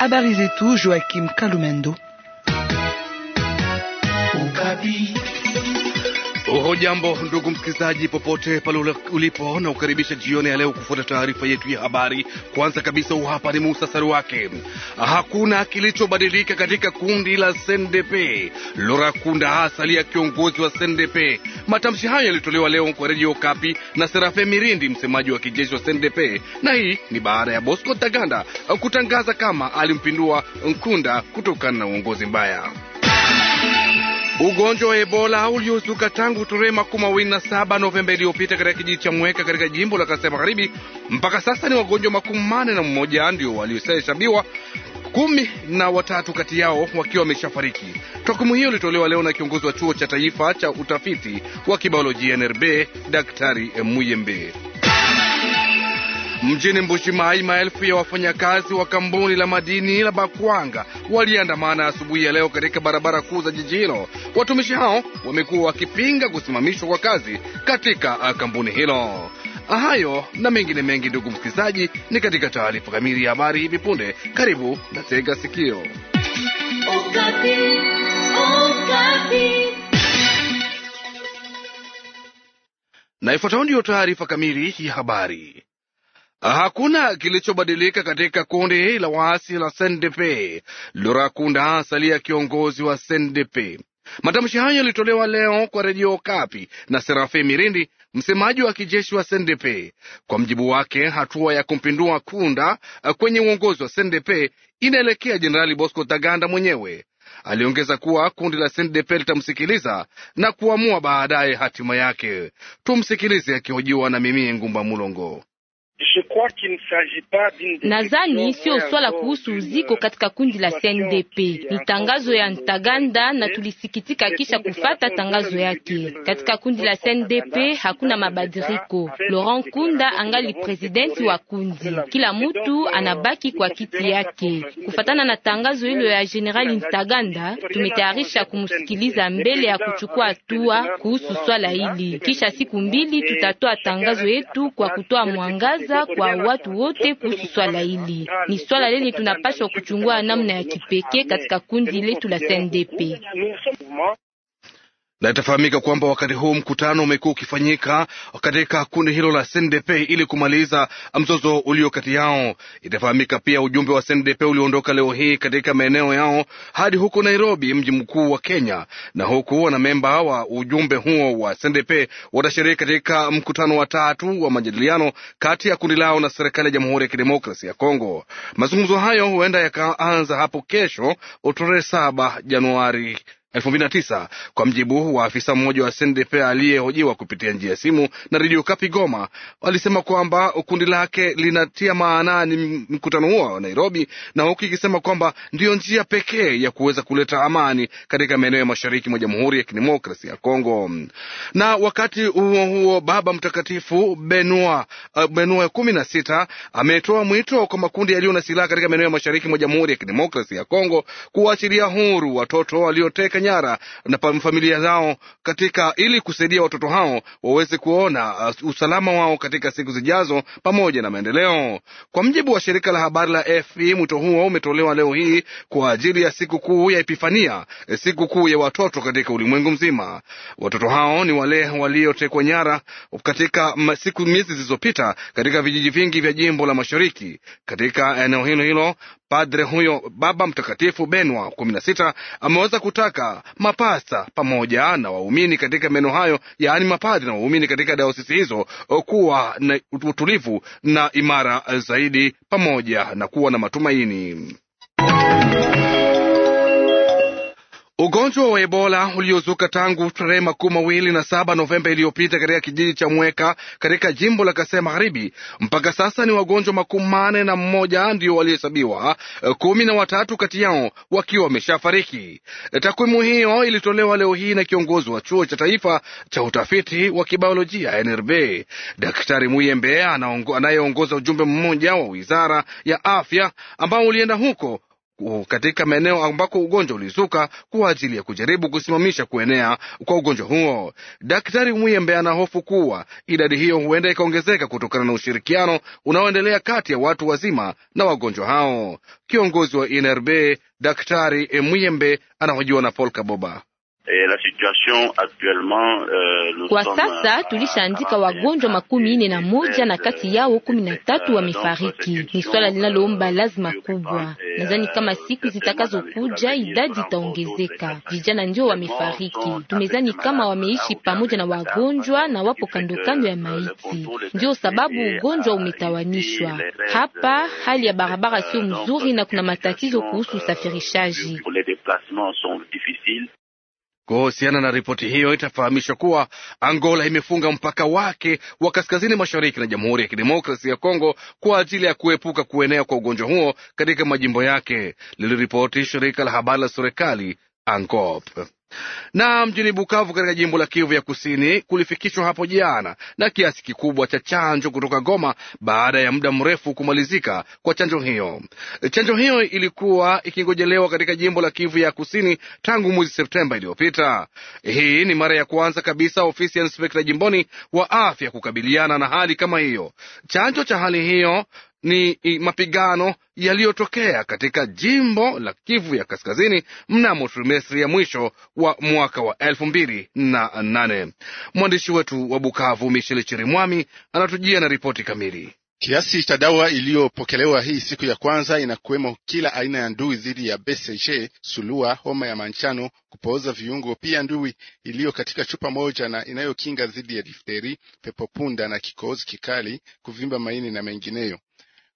A barize tou Joakim Kaloumendo Ou kapi Hujambo ndugu msikilizaji, popote pale ulipo, na ukaribisha jioni ya leo kufuata taarifa yetu ya habari. Kwanza kabisa, hapa ni muhtasari wake. Hakuna kilichobadilika katika kundi la CNDP. lora Kunda asalia kiongozi wa CNDP. Matamshi hayo yalitolewa leo kwa redio Kapi na Serafe Mirindi, msemaji wa kijeshi wa CNDP, na hii ni baada ya Bosco Ntaganda kutangaza kama alimpindua Nkunda kutokana na uongozi mbaya. Ugonjwa wa Ebola uliozuka tangu tarehe makumi mawili na saba Novemba iliyopita katika kijiji cha Mweka katika jimbo la Kasai Magharibi. Mpaka sasa ni wagonjwa makumi mane na mmoja ndio waliohesabiwa, kumi na watatu kati yao wakiwa wameshafariki. Takwimu hiyo ilitolewa leo na kiongozi wa chuo cha taifa cha utafiti wa kibiolojia NRB Daktari Muyembe. Mjini Mbushimai, maelfu ya wafanyakazi wa kampuni la madini la Bakwanga waliandamana asubuhi ya leo katika barabara kuu za jiji hilo. Watumishi hao wamekuwa wakipinga kusimamishwa kwa kazi katika ah, kampuni hilo. Hayo na mengine mengi, ndugu msikilizaji, ni katika taarifa kamili ya habari hivi punde. Karibu na tega sikio. Na ifuatayo ndiyo taarifa kamili ya habari. Hakuna kilichobadilika katika kundi la waasi la CNDP. Lora Kunda asalia kiongozi wa CNDP. Matamshi hayo yalitolewa leo kwa redio Kapi na Serafe Mirindi, msemaji wa kijeshi wa SNDP. Kwa mjibu wake, hatua ya kumpindua Kunda kwenye uongozi wa SNDP inaelekea Jenerali Bosco Taganda mwenyewe. Aliongeza kuwa kundi la SNDP litamsikiliza na kuamua baadaye hatima yake. Tumsikilize akihojiwa na Mimie Ngumba Mulongo. Nadhani sio swala kuhusu uziko euh, katika kundi la CNDP. Ni tangazo ya Ntaganda na tulisikitika kisha kufata tangazo yake. Katika kundi la CNDP hakuna mabadiliko. Laurent Kunda angali presidenti wa kundi. Kila mutu anabaki kwa kiti yake. Kufatana na tangazo hilo ya Generali Ntaganda, tumetayarisha kumsikiliza mbele ya kuchukua hatua kuhusu swala hili. Kisha siku mbili tutatoa tangazo yetu kwa kutoa mwangaza kuwaza kwa watu wote kuhusu swala hili. Ni swala lenye tunapaswa kuchungua namna ya kipekee katika kundi letu la CNDP na itafahamika kwamba wakati huu mkutano umekuwa ukifanyika katika kundi hilo la SNDP ili kumaliza mzozo ulio kati yao. Itafahamika pia ujumbe wa SNDP ulioondoka leo hii katika maeneo yao hadi huko Nairobi, mji mkuu wa Kenya, na huku wanamemba wa ujumbe huo wa SNDP watashiriki katika mkutano wa tatu wa majadiliano kati ya kundi lao na serikali ya Jamhuri ya Kidemokrasia ya Kongo. Mazungumzo hayo huenda yakaanza hapo kesho tarehe 7 Januari 9 kwa mjibu wa afisa mmoja wa SNDP aliyehojiwa kupitia njia ya simu na redio Kapi Goma, alisema kwamba kundi lake linatia maanani mkutano huo wa Nairobi, na huku ikisema kwamba ndiyo njia pekee ya kuweza kuleta amani katika maeneo ya mashariki mwa Jamhuri ya kidemokrasi ya Kongo. Na wakati huo huo, Baba Mtakatifu Benua uh, Benua kumi na sita ametoa mwito kwa makundi yaliyo na silaha katika maeneo ya mashariki mwa Jamhuri ya kidemokrasi ya Kongo kuwaachilia huru watoto walioteka waliteka nyara na familia zao katika ili kusaidia watoto hao waweze kuona uh, usalama wao katika siku zijazo pamoja na maendeleo. Kwa mjibu wa shirika la habari la f mwito huo umetolewa leo hii kwa ajili ya siku kuu ya Epifania, eh, siku kuu ya watoto katika ulimwengu mzima. Watoto hao ni wale waliotekwa nyara katika siku miezi zilizopita katika vijiji vingi vya jimbo la mashariki katika eneo hilo hilo Padre huyo Baba Mtakatifu Benwa kumi na sita ameweza kutaka mapasta pamoja na waumini katika maeneo hayo, yaani mapadri na waumini katika dayosisi hizo kuwa na utulivu na imara zaidi pamoja na kuwa na matumaini Ugonjwa wa Ebola uliozuka tangu tarehe makumi mawili na saba Novemba iliyopita katika kijiji cha Mweka katika jimbo la Kasai Magharibi, mpaka sasa ni wagonjwa makumi mane na mmoja ndio waliohesabiwa, kumi na watatu kati yao wakiwa wameshafariki. Takwimu hiyo ilitolewa leo hii na kiongozi wa chuo cha taifa cha utafiti wa kibiolojia NRB, Daktari Muyembe anayeongoza ujumbe mmoja wa wizara ya afya ambao ulienda huko katika maeneo ambako ugonjwa ulizuka kwa ajili ya kujaribu kusimamisha kuenea kwa ugonjwa huo. Daktari Mwiembe ana hofu kuwa idadi hiyo huenda ikaongezeka kutokana na ushirikiano unaoendelea kati ya watu wazima na wagonjwa hao. Kiongozi wa INRB Daktari Mwiembe anahojiwa na Paul Kaboba. Eh, la situation actuellement, uh, kwa sasa tulishaandika wagonjwa makumi ine na moja na kati yao kumi na tatu euh, wamefariki. Ni swala linaloomba euh, lazima kubwa. Euh, Nadhani kama siku zitakazokuja idadi itaongezeka. Vijana ndio wamefariki. Tumezani kama wameishi pamoja na wagonjwa na wapo kandokando ya maiti, ndio sababu ugonjwa umetawanishwa hapa. Hali ya barabara sio mzuri na kuna matatizo kuhusu usafirishaji. Kuhusiana na ripoti hiyo, itafahamishwa kuwa Angola imefunga mpaka wake wa kaskazini mashariki na Jamhuri ya kidemokrasi ya Kongo kwa ajili ya kuepuka kuenea kwa ugonjwa huo katika majimbo yake, liliripoti shirika la habari la serikali ANGOP. Na mjini Bukavu katika jimbo la Kivu ya Kusini kulifikishwa hapo jana na kiasi kikubwa cha chanjo kutoka Goma baada ya muda mrefu kumalizika kwa chanjo hiyo. Chanjo hiyo ilikuwa ikingojelewa katika jimbo la Kivu ya Kusini tangu mwezi Septemba iliyopita. Hii ni mara ya kwanza kabisa ofisi ya inspekta jimboni wa afya kukabiliana na hali kama hiyo. Chanjo cha hali hiyo ni mapigano yaliyotokea katika jimbo la Kivu ya Kaskazini mnamo trimestri ya mwisho wa mwaka wa elfu mbili na nane. Mwandishi wetu wa Bukavu Michel Chirimwami anatujia na ripoti kamili. Kiasi cha dawa iliyopokelewa hii siku ya kwanza inakuwemo kila aina ya ndui dhidi ya BCG, sulua, homa ya manjano, kupooza viungo, pia ndui iliyo katika chupa moja na inayokinga dhidi ya difteri, pepopunda na kikohozi kikali, kuvimba maini na mengineyo.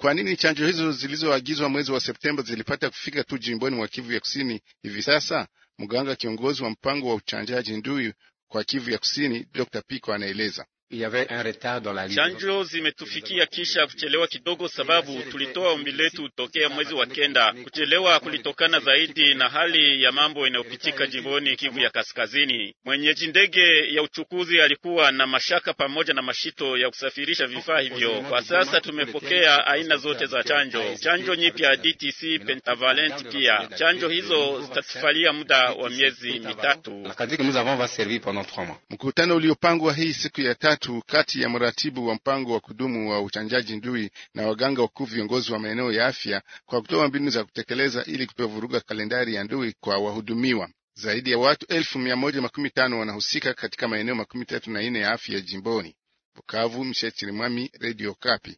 Kwa nini chanjo hizo zilizoagizwa mwezi wa Septemba zilipata kufika tu jimboni mwa Kivu ya Kusini hivi sasa? Mganga kiongozi wa mpango wa uchanjaji ndui kwa Kivu ya Kusini, Dr. Piko anaeleza. Chanjo zimetufikia kisha kuchelewa kidogo, sababu tulitoa ombi letu tokea mwezi wa kenda. Kuchelewa kulitokana zaidi na hali ya mambo inayopitika jimboni Kivu ya Kaskazini. Mwenyeji ndege ya uchukuzi alikuwa na mashaka pamoja na mashito ya kusafirisha vifaa hivyo. Kwa sasa tumepokea aina zote za chanjo, chanjo nyipya DTC pentavalent. Pia chanjo hizo zitatufalia muda wa miezi mitatu. Mkutano uliopangwa hii siku ya tatu tatu kati ya mratibu wa mpango wa kudumu wa uchanjaji ndui na waganga wakuu viongozi wa maeneo ya afya kwa kutoa mbinu za kutekeleza ili kupevuruga kalendari ya ndui kwa wahudumiwa. Zaidi ya watu elfu mia moja makumi tano wanahusika katika maeneo makumi tatu na nne ya afya jimboni Bukavu. Mshe Chirimwami, Kapi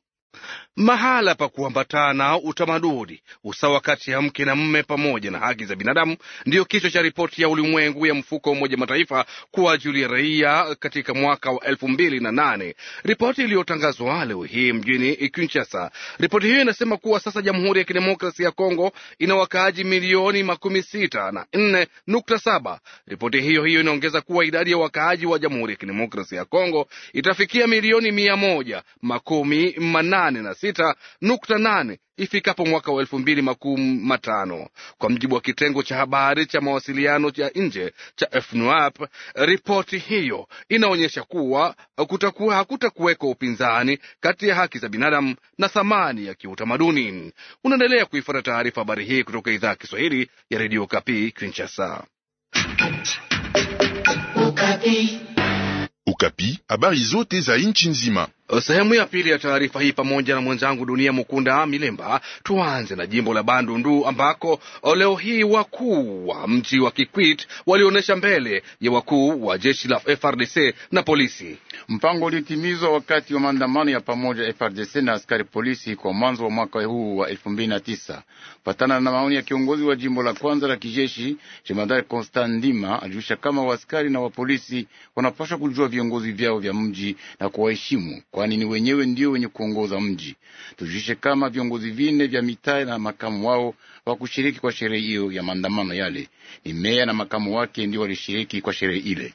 mahala pa kuambatana utamaduni, usawa kati ya mke na mme, pamoja na haki za binadamu, ndiyo kichwa cha ripoti ya ulimwengu ya mfuko wa Umoja Mataifa kwa ajili ya raia katika mwaka wa elfu mbili na nane, ripoti iliyotangazwa leo hii mjini Kinshasa. Ripoti hiyo inasema kuwa sasa Jamhuri ya Kidemokrasia ya Kongo ina wakaaji milioni makumi sita na nne nukta saba. Ripoti hiyo hiyo inaongeza kuwa idadi ya wakaaji wa Jamhuri ya Kidemokrasia ya Kongo itafikia milioni mia moja makumi manane nane na sita nukta nane ifikapo mwaka wa elfu mbili makumi matano kwa mjibu wa kitengo cha habari cha mawasiliano ya nje cha FNUAP. Ripoti hiyo inaonyesha kuwa kutakuwa hakutakuweko upinzani kati ya haki za binadamu na thamani ya kiutamaduni. Unaendelea kuifuata taarifa habari hii kutoka idhaa ya Kiswahili ya redio Kapi Kinshasa. Ukapi, habari zote za nchi nzima Sehemu ya pili ya taarifa hii pamoja na mwenzangu Dunia Mukunda Milemba. Tuanze na jimbo la Bandundu ambako leo hii wakuu wa mji wa Kikwit walionyesha mbele ya wakuu wa jeshi la FRDC na polisi. Mpango ulitimizwa wakati wa maandamano ya pamoja FRDC na askari polisi kwa mwanzo wa mwaka huu wa elfu mbili na tisa. Patana na maoni ya kiongozi wa jimbo la kwanza la kijeshi jemadari Konstantima, alijulisha kama waaskari na wapolisi wanapaswa kujua viongozi vyao vya mji na kuwaheshimu kwani ni wenyewe ndio wenye kuongoza mji. Tujulishe kama viongozi vine vya mitaa na makamu wao hawakushiriki kwa sherehe hiyo ya maandamano yale. Ni meya na makamu wake ndio walishiriki kwa sherehe ile.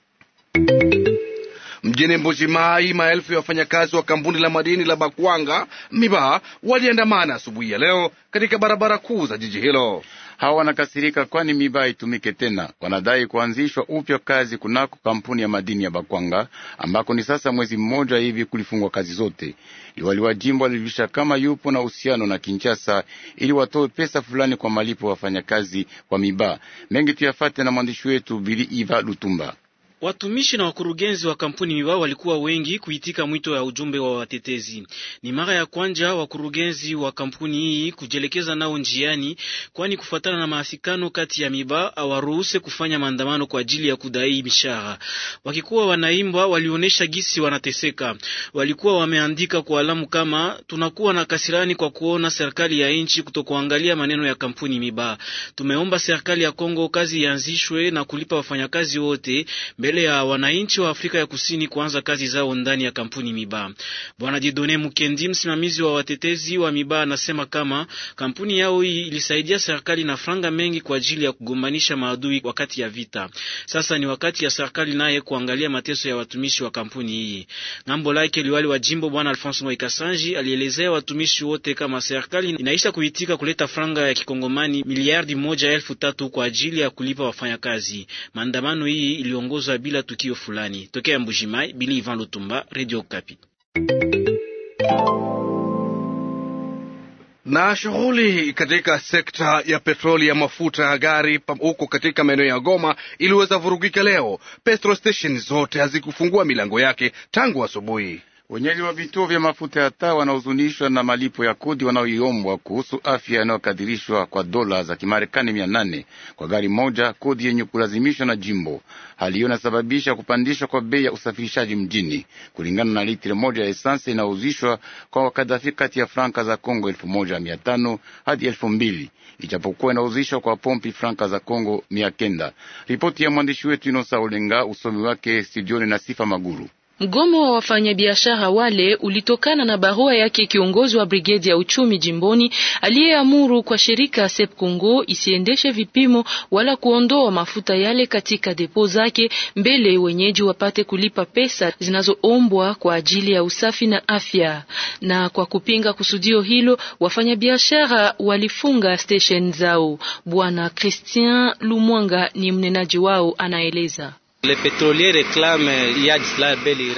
Mjini mbuji maelfu ya wafanyakazi wa kampuni la madini la Bakwanga mibaa waliandamana asubuhi ya leo katika barabara kuu za jiji hilo. Hawa wanakasirika kwani miba itumike tena. Wanadai kuanzishwa upya kazi kunako kampuni ya madini ya Bakwanga ambako ni sasa mwezi mmoja hivi kulifungwa kazi zote. Liwali wa jimbo alijulisha kama yupo na uhusiano na Kinshasa ili watoe pesa fulani kwa malipo wafanyakazi wa miba. Mengi tuyafate na mwandishi wetu Bili Iva Lutumba. Watumishi na wakurugenzi wa kampuni wao walikuwa wengi kuitika mwito ya ujumbe wa watetezi. Ni mara ya kwanza wakurugenzi wa kampuni hii kujielekeza nao njiani, kwani kufuatana na maafikano kati ya miba awaruhuse kufanya maandamano kwa ajili ya kudai mishahara. Wakikuwa wanaimba, walionyesha gisi wanateseka. Walikuwa wameandika kwa alamu kama tunakuwa na kasirani kwa kuona serikali ya nchi kutokuangalia maneno ya kampuni miba. Tumeomba serikali ya Kongo kazi ianzishwe na kulipa wafanyakazi wote mbele mbele ya wananchi wa Afrika ya Kusini kuanza kazi zao ndani ya kampuni Mibaa. Bwana Jidone Mukendi, msimamizi wa watetezi wa Mibaa, anasema kama kampuni yao hii ilisaidia serikali na franga mengi kwa ajili ya kugombanisha maadui wakati ya vita. Sasa ni wakati ya serikali naye kuangalia mateso ya watumishi wa kampuni hii. Ngambo lake liwali wa jimbo Bwana Alfonso Mwaikasanji alielezea watumishi wote kama serikali inaisha kuitika kuleta franga ya kikongomani miliardi moja elfu tatu kwa ajili ya kulipa wafanyakazi. Maandamano hii iliongozwa bila tukio fulani. Tokea Mbujimai, Bili Ivan Lutumba, Radio kapi Na shughuli katika sekta ya petroli ya mafuta ya gari huko katika maeneo ya Goma iliweza vurugika leo. Petrol station zote hazikufungua milango yake tangu asubuhi. Wenyeji wa vituo vya mafuta ya taa wanaozunishwa na malipo ya kodi wanaoiombwa kuhusu afya yanayokadirishwa kwa dola za Kimarekani mia nane kwa gari moja, kodi yenye kulazimishwa na jimbo. Hali hiyo inasababisha kupandishwa kwa bei ya usafirishaji mjini, kulingana na litri moja ya esansi inayouzishwa kwa wakadhafi kati ya franka za Kongo elfu moja mia tano hadi elfu mbili ijapokuwa inauzishwa kwa pompi franka za Kongo mia kenda. Ripoti ya mwandishi wetu Inosa Olenga, usomi wake studioni na Sifa Maguru. Mgomo wa wafanyabiashara wale ulitokana na barua yake kiongozi wa brigedi ya uchumi jimboni aliyeamuru kwa shirika SEP Congo isiendeshe vipimo wala kuondoa mafuta yale katika depo zake mbele wenyeji wapate kulipa pesa zinazoombwa kwa ajili ya usafi na afya. Na kwa kupinga kusudio hilo, wafanyabiashara walifunga station zao. Bwana Christian Lumwanga ni mnenaji wao, anaeleza.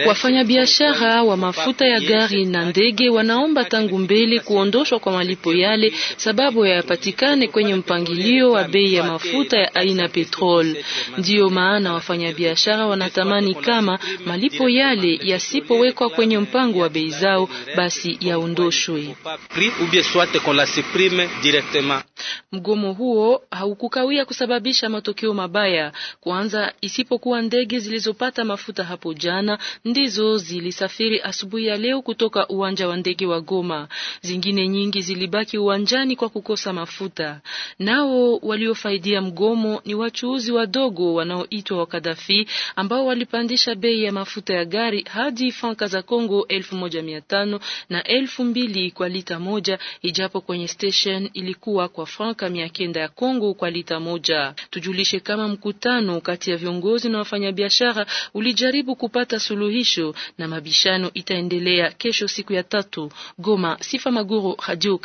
Wafanyabiashara wa mafuta ya gari na ndege wanaomba tangu mbele kuondoshwa kwa malipo yale sababu yayapatikane kwenye mpangilio wa bei ya mafuta ya aina petrol. Ndiyo maana wafanyabiashara wanatamani kama malipo yale yasipowekwa kwenye mpango wa bei zao, basi yaondoshwe. Mgomo huo haukukawia kusababisha matokeo mabaya, kwanza isipokuwa kuwa ndege zilizopata mafuta hapo jana ndizo zilisafiri asubuhi ya leo kutoka uwanja wa ndege wa Goma. Zingine nyingi zilibaki uwanjani kwa kukosa mafuta. Nao waliofaidia mgomo ni wachuuzi wadogo wanaoitwa wakadhafi ambao walipandisha bei ya mafuta ya gari hadi franka za congo elfu na elfu kwa lita moja, ijapo kwenye station ilikuwa kwa franka mia kenda ya Kongo kwa lita moja. Tujulishe kama mkutano kati ya viongozi na wafanyabiashara ulijaribu kupata suluhisho na mabishano itaendelea kesho siku ya tatu. Goma, Sifa Maguru, Radio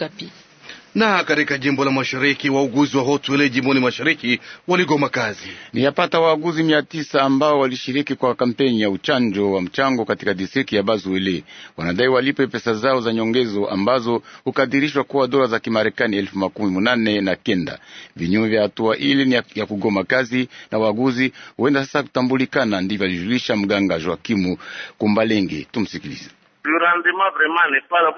na katika jimbo la mashariki wauguzi wa Hotwele jimboni mashariki waligoma kazi. Ni yapata wauguzi mia tisa ambao walishiriki kwa kampeni ya uchanjo wa mchango katika distrikti ya Bazuili wanadai walipe pesa zao za nyongezo ambazo hukadirishwa kuwa dola za Kimarekani elfu makumi munane na kenda. Vinyume vya hatua ile ni ya kugoma kazi na wauguzi huenda sasa kutambulikana, ndivyo alijulisha mganga Joakimu Kumbalengi. Tumsikilize. Euh,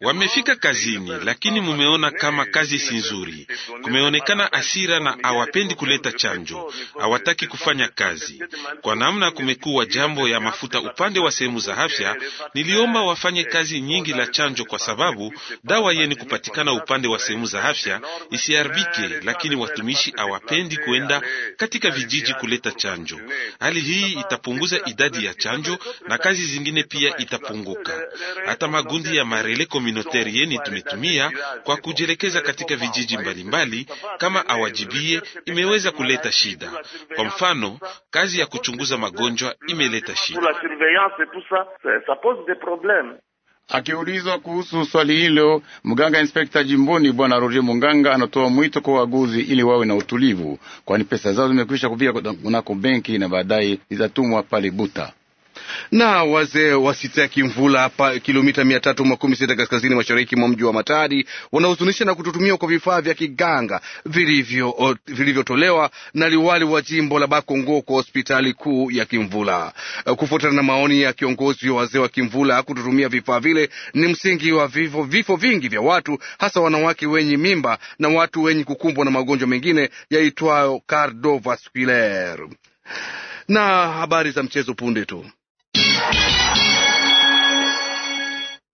Wamefika kazini, lakini mumeona kama kazi si nzuri. Kumeonekana asira na hawapendi kuleta chanjo, hawataki kufanya kazi kwa namna. Kumekuwa jambo ya mafuta upande wa sehemu za afya, niliomba wafanye kazi nyingi la chanjo, kwa sababu dawa yeni kupatikana upande wa sehemu za afya isiharibike, lakini watumishi hawapendi kuenda katika vijiji kuleta chanjo. Hali hii itapunguza idadi ya chanjo na kazi zingine ingine pia itapunguka. Hata magundi ya marele communautaire yeni tumetumia kwa kujielekeza katika vijiji mbalimbali mbali, kama awajibie imeweza kuleta shida. Kwa mfano, kazi ya kuchunguza magonjwa imeleta shida. Akiulizwa kuhusu swali hilo, mganga inspekta jimboni Bwana Roger Munganga anatoa mwito kwa waguzi ili wawe na utulivu, kwani pesa zao zimekwisha kufika kunako benki na baadaye zitatumwa pale Buta. Na wazee wa sita ya kimvula hapa kilomita mia tatu makumi sita kaskazini mashariki mwa mji wa Matadi wanahuzunisha na kututumia kwa vifaa vya kiganga vilivyotolewa na liwali wa jimbo la Bakongo kwa hospitali kuu ya Kimvula. Kufuatana na maoni ya kiongozi wa wazee wa Kimvula, kututumia vifaa vile ni msingi wa vifo, vifo vingi vya watu hasa wanawake wenye mimba na watu wenye kukumbwa na magonjwa mengine yaitwayo cardiovasculaire. Na habari za mchezo punde tu.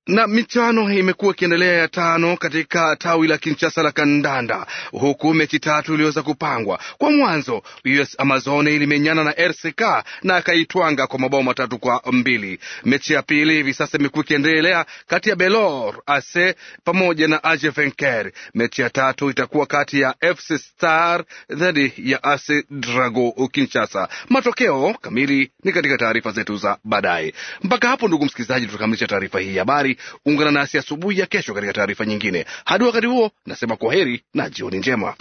na michano imekuwa ikiendelea ya tano katika tawi la Kinshasa la kandanda, huku mechi tatu iliweza kupangwa kwa mwanzo. US Amazon ilimenyana na RCK na akaitwanga kwa mabao matatu kwa mbili. Mechi ya pili hivi sasa imekuwa ikiendelea kati ya Belor Ase pamoja na AJ Vainqueur. Mechi ya tatu itakuwa kati ya FC Star dhidi ya Ase Drago Kinshasa. Matokeo kamili ni katika taarifa zetu za baadaye. Mpaka hapo, ndugu msikilizaji, tutakamilisha taarifa hii habari Ungana nasi asubuhi ya kesho katika taarifa nyingine. Hadi wakati huo, nasema kwa heri na jioni njema.